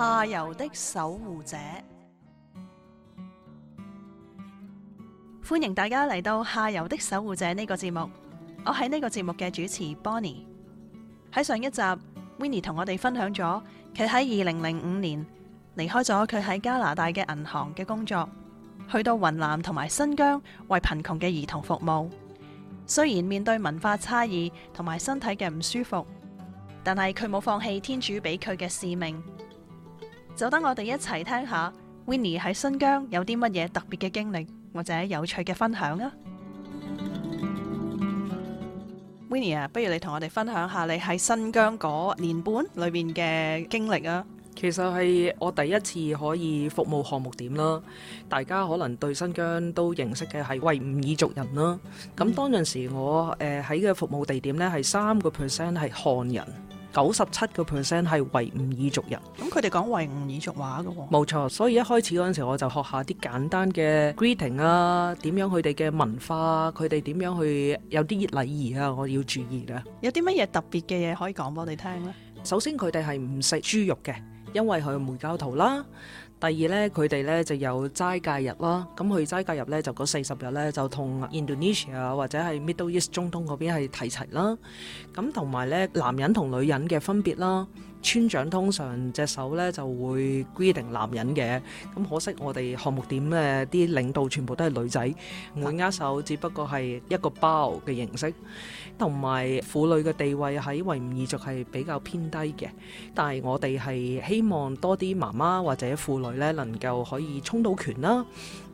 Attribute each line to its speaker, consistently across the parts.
Speaker 1: 下游的守護者，歡迎大家嚟到《下游的守護者》呢個節目。我喺呢個節目嘅主持 Bonnie。喺上一集 Winnie 同我哋分享咗佢喺二零零五年離開咗佢喺加拿大嘅銀行嘅工作，去到雲南同埋新疆為貧窮嘅兒童服務。雖然面對文化差異同埋身體嘅唔舒服，但係佢冇放棄天主俾佢嘅使命。就等我哋一齊聽下，Winnie 喺新疆有啲乜嘢特別嘅經歷或者有趣嘅分享啊！Winnie 啊，不如你同我
Speaker 2: 哋分享下你喺新疆嗰年半裏面嘅經歷啊！其實係我第一次可以服務項目點啦。大家可能對新疆都認識嘅係維吾爾族人啦。咁當陣時我誒喺嘅服務地點呢，係三個 percent 係漢人。九十七個 percent 係維吾爾族人，咁佢哋講維吾爾族話嘅喎，哦，冇錯。所以一開始嗰陣時，我就學下啲簡單嘅 greeting 啊，點樣佢哋嘅文化，佢哋點樣去有啲禮儀啊，我要注意啦。有啲乜嘢特別嘅嘢可以講畀你哋聽呢？首先佢哋係唔食豬肉嘅，因為佢梅教徒啦。第二咧，佢哋咧就有齋戒日啦，咁佢齋戒日咧就嗰四十日咧就同 Indonesia 或者係 Middle East 中東嗰邊係睇齊啦，咁同埋咧男人同女人嘅分別啦。村長通常隻手咧就會 greeting 男人嘅，咁可惜我哋項目點呢啲領導全部都係女仔，唔握手，只不過係一個包嘅形式，同埋婦女嘅地位喺維吾爾族係比較偏低嘅，但係我哋係希望多啲媽媽或者婦女咧能夠可以充到權啦，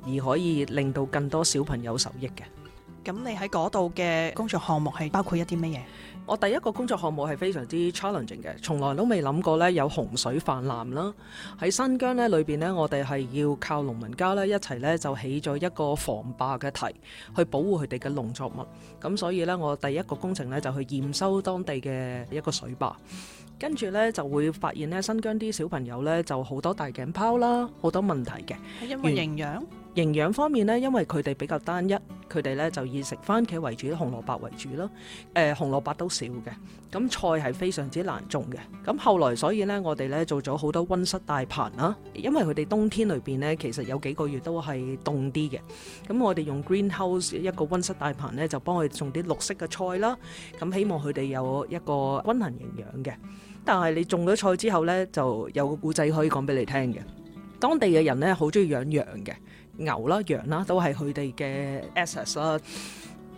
Speaker 2: 而可以令到更多小朋友受益嘅。咁你喺嗰度嘅工作項目係包括一啲乜嘢？我第一個工作項目係非常之 challenging 嘅，從來都未諗過呢有洪水泛濫啦。喺新疆呢裏邊呢，我哋係要靠農民家呢一齊呢，就起咗一個防壩嘅堤，去保護佢哋嘅農作物。咁所以呢，我第一個工程呢，就去驗收當地嘅一個水壩，跟住呢，就會發現呢，新疆啲小朋友呢，就好多大頸泡啦，好多問題嘅，係因為營養。營養方面呢，因為佢哋比較單一，佢哋呢就以食番茄為主、紅蘿蔔為主咯。誒、呃，紅蘿蔔都少嘅。咁菜係非常之難種嘅。咁後來所以呢，我哋呢做咗好多溫室大棚啦。因為佢哋冬天裏邊呢其實有幾個月都係凍啲嘅。咁我哋用 greenhouse 一個溫室大棚呢，就幫佢種啲綠色嘅菜啦。咁希望佢哋有一個均衡營養嘅。但係你種咗菜之後呢，就有個故仔可以講俾你聽嘅。當地嘅人咧，好中意養羊嘅牛啦、羊啦，都係佢哋嘅 assets 啦。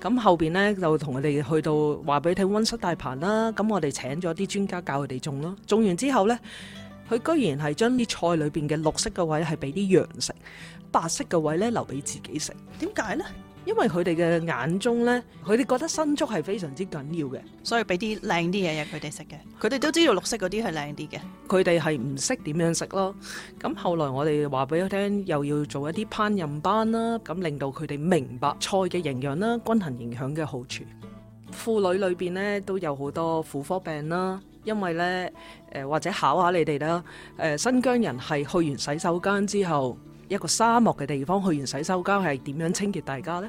Speaker 2: 咁後邊咧，就同佢哋去到話俾你聽溫室大棚啦。咁我哋請咗啲專家教佢哋種咯。種完之後咧，佢居然係將啲菜裏邊嘅綠色嘅位係俾啲羊食，白色嘅位咧留俾自己食。點解咧？因為佢哋嘅眼中呢，佢哋覺得牲畜係非常之緊要嘅，所以俾啲靚啲嘢俾佢哋食嘅。佢哋都知道綠色嗰啲係靚啲嘅，佢哋係唔識點樣食咯。咁後來我哋話俾佢聽，又要做一啲烹飪班啦，咁令到佢哋明白菜嘅營養啦、均衡營養嘅好處。婦女裏邊呢，都有好多婦科病啦，因為呢，誒、呃、或者考下你哋啦，誒、呃、新疆人係去完洗手間之後，一個沙漠嘅地方，去完洗手間係點樣清潔大家呢？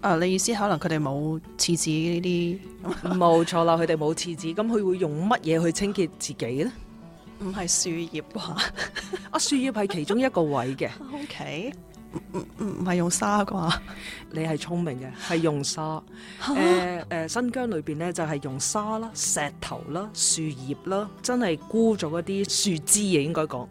Speaker 2: 啊，你意思可能佢哋冇廁紙呢啲？冇錯啦，佢哋冇廁紙，咁佢會用乜嘢去清潔自己呢？唔係樹葉啩？ 啊，樹葉係其中一個位嘅。O K，唔唔係用沙啩？ 你係聰明嘅，係用沙。誒、呃呃、新疆裏邊呢，就係用沙啦、石頭啦、樹葉啦，真係枯咗一啲樹枝嘢應該講。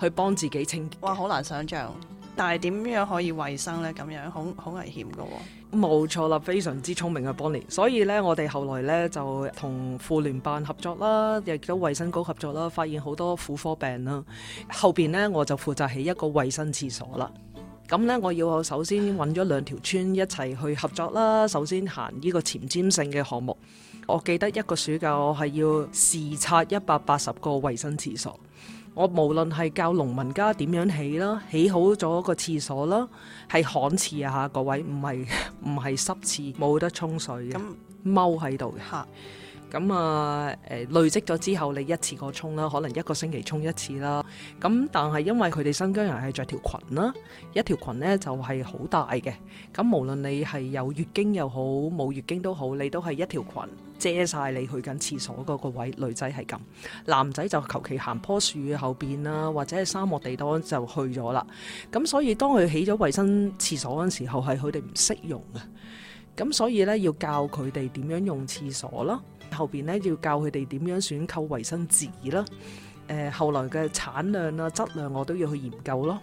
Speaker 2: 去幫自己清潔
Speaker 1: 哇，好難想像，但係點樣可以衛生呢？咁樣好好危
Speaker 2: 險㗎喎。冇錯啦，非常之聰明嘅 Bonnie。所以呢，我哋後來呢，就同婦聯辦合作啦，亦都衛生局合作啦，發現好多婦科病啦。後邊呢，我就負責起一個衛生廁所啦。咁呢，我要我首先揾咗兩條村一齊去合作啦。首先行呢個前瞻性嘅項目，我記得一個暑假我係要視察一百八十個衛生廁所。我無論係教農民家點樣起啦，起好咗個廁所啦，係旱廁啊嚇！各位，唔係唔係濕廁，冇得沖水，踎喺度嘅。嚇！咁啊、呃、累積咗之後，你一次過沖啦，可能一個星期沖一次啦。咁但係因為佢哋新疆人係着條裙啦，一條裙呢就係、係、好大嘅。咁無論你係有月經又好，冇月經都好，你都係一條裙。遮晒你去緊廁所嗰個位，女仔係咁，男仔就求其行棵樹後邊啦，或者係沙漠地多就去咗啦。咁所以當佢起咗衞生廁所嗰陣時候，係佢哋唔識用嘅。咁所以呢，要教佢哋點樣用廁所啦，後邊呢，要教佢哋點樣選購衞生紙啦。誒、呃，後來嘅產量啊、質量我都要去研究咯。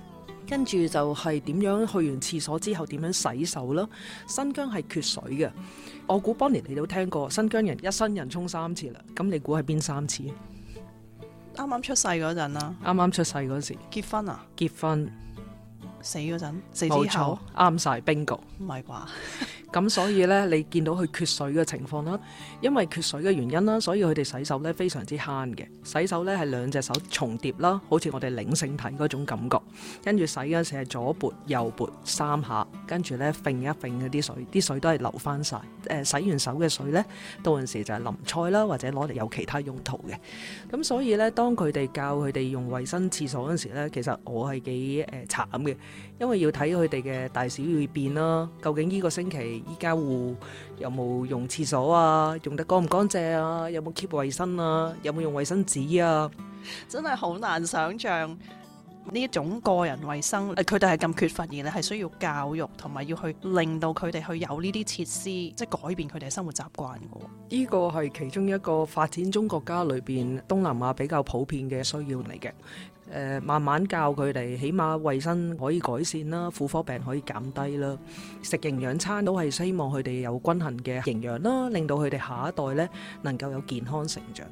Speaker 2: 跟住就係點樣去完廁所之後點樣洗手啦？新疆係缺水嘅，我估 Winnie 你都聽過新疆人一生人沖三次啦，咁你估係邊三次啊？
Speaker 1: 啱啱出世嗰陣啊？
Speaker 2: 啱啱出世嗰時，結婚啊？結婚，死嗰陣，死之後啱晒 Bingo，唔係啩？ 咁所以呢，你見到佢缺水嘅情況啦，因為缺水嘅原因啦，所以佢哋洗手呢非常之慳嘅。洗手呢係兩隻手重疊啦，好似我哋領聖體嗰種感覺。跟住洗嗰陣時係左撥右撥三下，跟住呢揈一揈嗰啲水，啲水都係流翻晒、呃。洗完手嘅水呢，到陣時就係淋菜啦，或者攞嚟有其他用途嘅。咁所以呢，當佢哋教佢哋用衛生廁所嗰時呢，其實我係幾誒、呃、慘嘅，因為要睇佢哋嘅大小便啦，究竟呢個星期。依家戶有冇用廁所啊？用得乾唔乾淨啊？有冇 keep 衞生啊？有冇用衞生紙啊？真係好難想像
Speaker 1: 呢一種個人衞生，佢哋係咁缺乏而咧係需要教育，同埋要去令到佢哋去有呢啲設施，即係改變佢哋嘅生活習慣嘅。
Speaker 2: 呢個係其中一個發展中國家裏邊東南亞比較普遍嘅需要嚟嘅。誒，慢慢教佢哋，起碼衞生可以改善啦，婦科病可以減低啦，食營養餐都係希望佢哋有均衡嘅營養啦，令到佢哋下一代呢能夠有健康成長。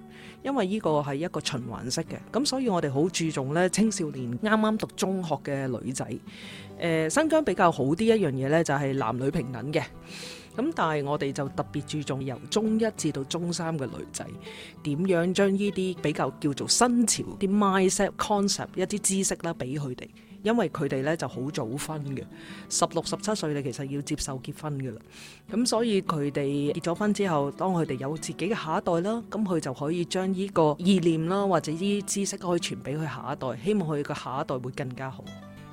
Speaker 2: 因為呢個係一個循環式嘅，咁所以我哋好注重呢青少年啱啱讀中學嘅女仔。誒新疆比較好啲一樣嘢咧，就係男女平等嘅。咁但係我哋就特別注重由中一至到中三嘅女仔，點樣將呢啲比較叫做新潮啲 mindset concept 一啲知識啦，俾佢哋。因為佢哋咧就好早婚嘅，十六十七歲，你其實要接受結婚噶啦。咁所以佢哋結咗婚之後，當佢哋有自己嘅下一代啦，咁佢就可以將呢個意念啦，或者呢啲知識可以傳俾佢下一代，希望佢嘅下一代會更加好。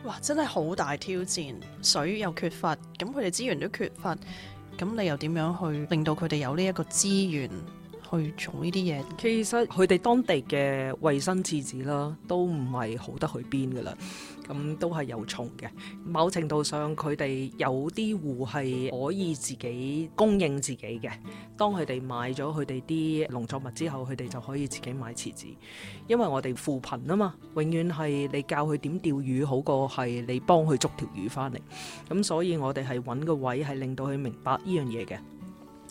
Speaker 2: 哇！真係好大挑戰，水又缺乏，咁佢
Speaker 1: 哋資源都缺乏，咁你又點樣去令到佢哋有呢一個資源？去
Speaker 2: 做呢啲嘢，其實佢哋當地嘅衞生廁紙啦，都唔係好得去邊噶啦，咁都係有蟲嘅。某程度上，佢哋有啲戶係可以自己供應自己嘅。當佢哋買咗佢哋啲農作物之後，佢哋就可以自己買廁紙。因為我哋扶貧啊嘛，永遠係你教佢點釣魚好過係你幫佢捉條魚翻嚟。咁所以我哋係揾個位係令到佢明白呢樣嘢嘅。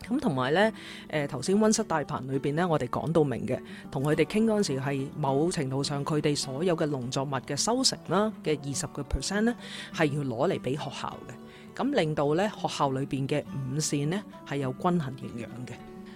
Speaker 2: 咁同埋呢誒頭先溫室大棚裏邊呢，我哋講到明嘅，同佢哋傾嗰陣時，係某程度上佢哋所有嘅農作物嘅收成啦嘅二十個 percent 呢係要攞嚟俾學校嘅，咁令到呢學校裏邊嘅午膳呢係有均衡營養嘅。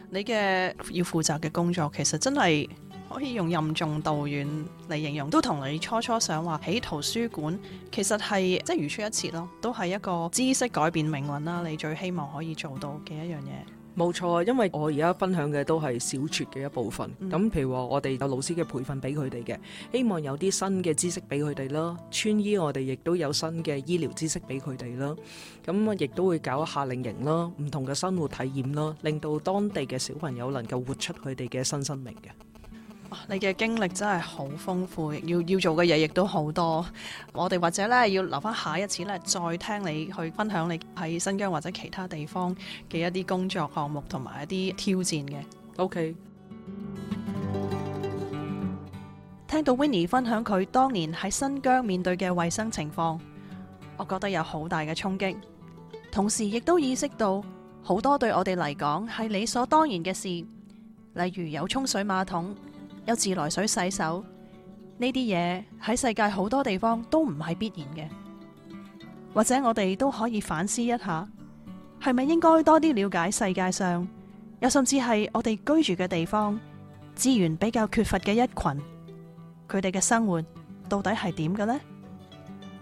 Speaker 2: 你嘅要負
Speaker 1: 責嘅工作其實真係可以用任重道遠嚟形容，都同你初初想話喺圖書館，其實係即係如出一轍咯，都係一個知識改變命運啦。你最希望可以做到嘅一樣嘢。
Speaker 2: 冇錯，因為我而家分享嘅都係小撮嘅一部分。咁譬如話，我哋有老師嘅培訓俾佢哋嘅，希望有啲新嘅知識俾佢哋啦。村醫我哋亦都有新嘅醫療知識俾佢哋啦。咁啊，亦都會搞夏令營啦，唔同嘅生活體驗啦，令到當地嘅小朋友能夠活出佢哋嘅新生命嘅。你嘅經歷真係
Speaker 1: 好豐富，要要做嘅嘢亦都好多。我哋或者咧要留翻下一次咧，再聽你去分享你喺新疆或者其他地方嘅一啲工作項目同埋一啲挑戰嘅。OK，聽到 Winnie 分享佢當年喺新疆面對嘅衛生情況，我覺得有好大嘅衝擊，同時亦都意識到好多對我哋嚟講係理所當然嘅事，例如有沖水馬桶。有自來水洗手，呢啲嘢，喺世界好多地方都唔係必然嘅，或者我哋都可以反思一下，係咪應該多啲了解世界上，又甚至係我哋居住嘅地方資源比較缺乏嘅一群，佢哋嘅生活到底係點嘅呢？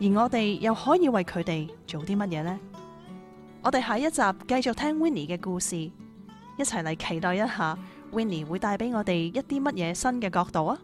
Speaker 1: 而我哋又可以為佢哋做啲乜嘢呢？我哋下一集繼續聽 Winnie 嘅故事，一齊嚟期待一下。Winnie 會帶俾我哋一啲乜嘢新嘅角度啊！